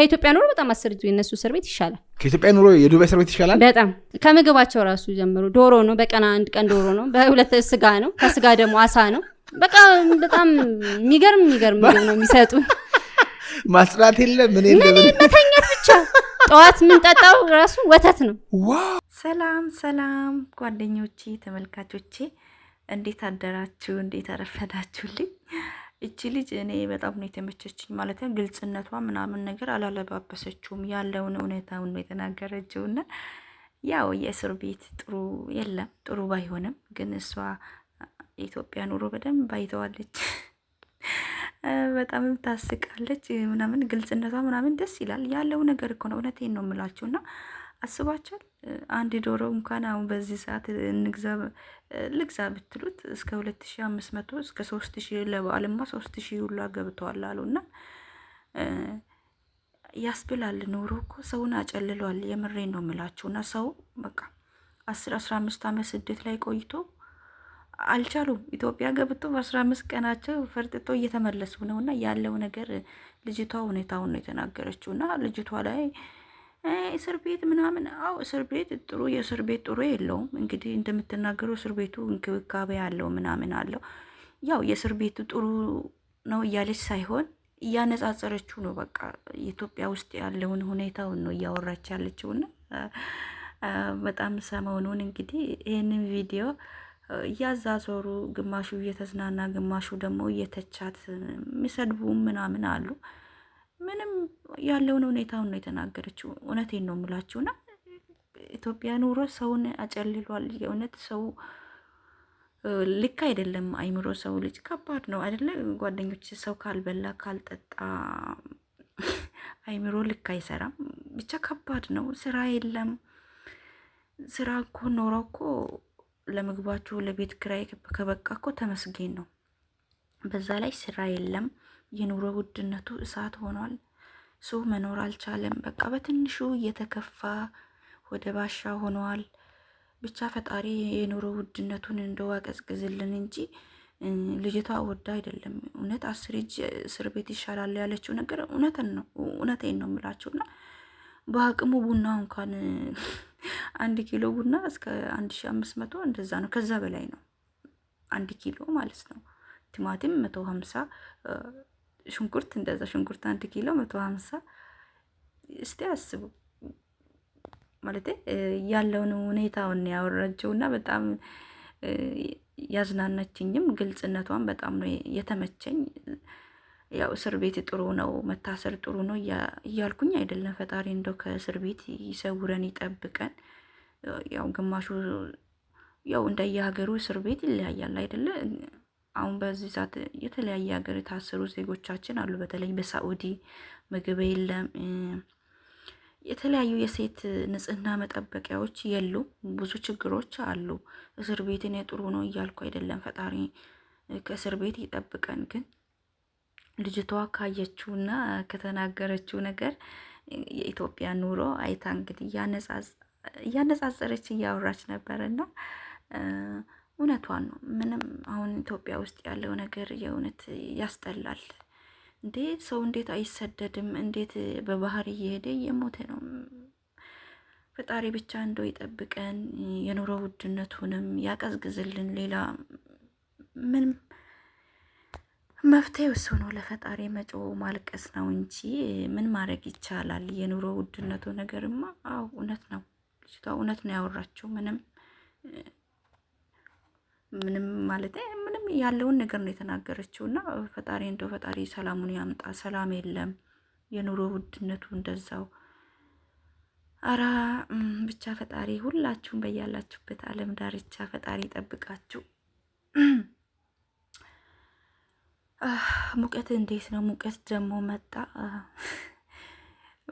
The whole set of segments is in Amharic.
ከኢትዮጵያ ኑሮ በጣም አስር የነሱ እስር ቤት ይሻላል። ከኢትዮጵያ ኑሮ የዱባይ እስር ቤት ይሻላል በጣም ከምግባቸው ራሱ ጀምሮ ዶሮ ነው፣ በቀን አንድ ቀን ዶሮ ነው፣ በሁለት ስጋ ነው፣ ከስጋ ደግሞ አሳ ነው። በቃ በጣም የሚገርም የሚገርም ምግብ ነው የሚሰጡ። ማስራት የለ ምን መተኛት ብቻ። ጠዋት የምንጠጣው ራሱ ወተት ነው። ሰላም ሰላም ጓደኞቼ፣ ተመልካቾቼ እንዴት አደራችሁ? እንዴት አረፈዳችሁልኝ? እቺ ልጅ እኔ በጣም ነው የተመቸችኝ ማለት ነው። ግልጽነቷ ምናምን ነገር አላለባበሰችውም ያለውን እውነታውን ነው የተናገረችው። እና ያው የእስር ቤት ጥሩ የለም ጥሩ ባይሆንም ግን እሷ የኢትዮጵያ ኑሮ በደንብ አይተዋለች። በጣም ታስቃለች ምናምን ግልጽነቷ ምናምን ደስ ይላል። ያለው ነገር እኮ ነው። እውነቴን ነው የምላችሁ እና አስባችኋል? አንድ ዶሮ እንኳን አሁን በዚህ ሰዓት እንግዛ ልግዛ ብትሉት እስከ ሁለት ሺ አምስት መቶ እስከ ሶስት ሺ ለበዓልማ ሶስት ሺ ሁላ ገብተዋል አሉና ያስብላል። ኑሮ እኮ ሰውን አጨልሏል። የምሬ ነው የምላችሁና ሰው በቃ አስር አስራ አምስት ዓመት ስደት ላይ ቆይቶ አልቻሉም። ኢትዮጵያ ገብቶ በአስራ አምስት ቀናቸው ፈርጥቶ እየተመለሱ ነውና ያለው ነገር ልጅቷ ሁኔታውን ነው የተናገረችውና ልጅቷ ላይ እስር ቤት ምናምን። አዎ እስር ቤት ጥሩ የእስር ቤት ጥሩ የለውም እንግዲህ እንደምትናገረው እስር ቤቱ እንክብካቤ አለው ምናምን አለው። ያው የእስር ቤቱ ጥሩ ነው እያለች ሳይሆን እያነጻጸረችው ነው። በቃ ኢትዮጵያ ውስጥ ያለውን ሁኔታውን ነው እያወራች ያለችውና በጣም ሰሞኑን እንግዲህ ይህንን ቪዲዮ እያዛዞሩ ግማሹ እየተዝናና ግማሹ ደግሞ እየተቻት የሚሰድቡ ምናምን አሉ። ምንም ያለውን ሁኔታውን ነው የተናገረችው። እውነቴን ነው የምላችሁና ኢትዮጵያ ኑሮ ሰውን አጨልሏል። የእውነት ሰው ልክ አይደለም። አይምሮ ሰው ልጅ ከባድ ነው አይደለ? ጓደኞች ሰው ካልበላ ካልጠጣ አይምሮ ልክ አይሰራም። ብቻ ከባድ ነው። ስራ የለም። ስራ እኮ ኖረው እኮ ለምግባችሁ ለቤት ክራይ ከበቃ እኮ ተመስገን ነው። በዛ ላይ ስራ የለም። የኑሮ ውድነቱ እሳት ሆኗል። ሰው መኖር አልቻለም። በቃ በትንሹ እየተከፋ ወደ ባሻ ሆኗል ብቻ ፈጣሪ የኑሮ ውድነቱን እንደዋ ቀዝቅዝልን እንጂ ልጅቷ ወዳ አይደለም። እውነት አስር እጅ እስር ቤት ይሻላል ያለችው ነገር እውነትን ነው እውነቴን ነው የምላችሁና በአቅሙ ቡና እንኳን አንድ ኪሎ ቡና እስከ አንድ ሺ አምስት መቶ እንደዛ ነው። ከዛ በላይ ነው አንድ ኪሎ ማለት ነው። ቲማቲም 150 ሽንኩርት እንደዛ ሽንኩርት አንድ ኪሎ 150 እስቲ አስቡ። ማለት ያለውን ሁኔታውን ያወራችው እና በጣም ያዝናናችኝም ግልጽነቷን በጣም ነው የተመቸኝ። ያው እስር ቤት ጥሩ ነው መታሰር ጥሩ ነው እያልኩኝ አይደለም። ፈጣሪ እንደው ከእስር ቤት ይሰውረን ይጠብቀን። ያው ግማሹ ያው እንደየሀገሩ እስር ቤት ይለያያል አይደለ? አሁን በዚህ ሰዓት የተለያየ ሀገር የታሰሩ ዜጎቻችን አሉ። በተለይ በሳዑዲ ምግብ የለም፣ የተለያዩ የሴት ንጽህና መጠበቂያዎች የሉ፣ ብዙ ችግሮች አሉ። እስር ቤት እኔ ጥሩ ነው እያልኩ አይደለም፣ ፈጣሪ ከእስር ቤት ይጠብቀን። ግን ልጅቷ ካየችውና ከተናገረችው ነገር የኢትዮጵያ ኑሮ አይታ እንግዲህ እያነጻጸረች እያወራች ነበረና እውነቷን ነው። ምንም አሁን ኢትዮጵያ ውስጥ ያለው ነገር የእውነት ያስጠላል። እንዴ ሰው እንዴት አይሰደድም? እንዴት በባህር እየሄደ እየሞተ ነው? ፈጣሪ ብቻ እንደው ይጠብቀን፣ የኑሮ ውድነቱንም ያቀዝግዝልን። ሌላ ምንም መፍትሄ እሱ ነው። ለፈጣሪ መጮ ማልቀስ ነው እንጂ ምን ማድረግ ይቻላል? የኑሮ ውድነቱ ነገርማ አው እውነት ነው። ልጅቷ እውነት ነው ያወራችው ምንም ምንም ማለት ምንም ያለውን ነገር ነው የተናገረችው። እና ፈጣሪ እንደው ፈጣሪ ሰላሙን ያምጣ። ሰላም የለም፣ የኑሮ ውድነቱ እንደዛው። አራ ብቻ ፈጣሪ ሁላችሁም በያላችሁበት ዓለም ዳርቻ ፈጣሪ ጠብቃችሁ። ሙቀት እንዴት ነው? ሙቀት ደግሞ መጣ።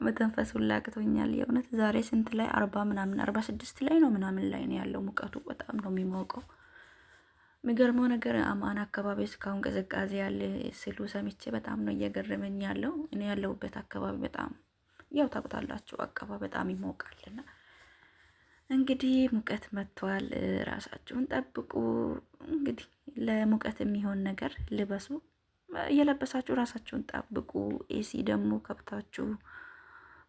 መተንፈስ ሁላ አቅቶኛል የእውነት ዛሬ ስንት ላይ አርባ ምናምን አርባ ስድስት ላይ ነው ምናምን ላይ ነው ያለው ሙቀቱ በጣም ነው የሚሞቀው። የሚገርመው ነገር አማን አካባቢ እስካሁን ቅዝቃዜ ያለ ስሉ ሰምቼ በጣም ነው እየገረመኝ ያለው። እኔ ያለሁበት አካባቢ በጣም ያው ታውቃላችሁ፣ አካባቢ በጣም ይሞቃልና እንግዲህ ሙቀት መጥቷል። ራሳችሁን ጠብቁ። እንግዲህ ለሙቀት የሚሆን ነገር ልበሱ። እየለበሳችሁ ራሳችሁን ጠብቁ። ኤሲ ደግሞ ከብታችሁ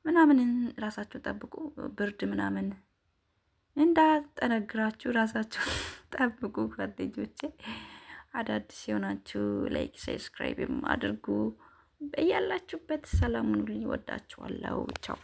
ምናምን ራሳችሁን ጠብቁ። ብርድ ምናምን እንዳጠነግራችሁ ራሳችሁ ጠብቁ ጓደኞቼ። አዳዲስ የሆናችሁ ላይክ፣ ሰብስክራይብም አድርጉ። በያላችሁበት ሰላሙን ልኝ። ቻው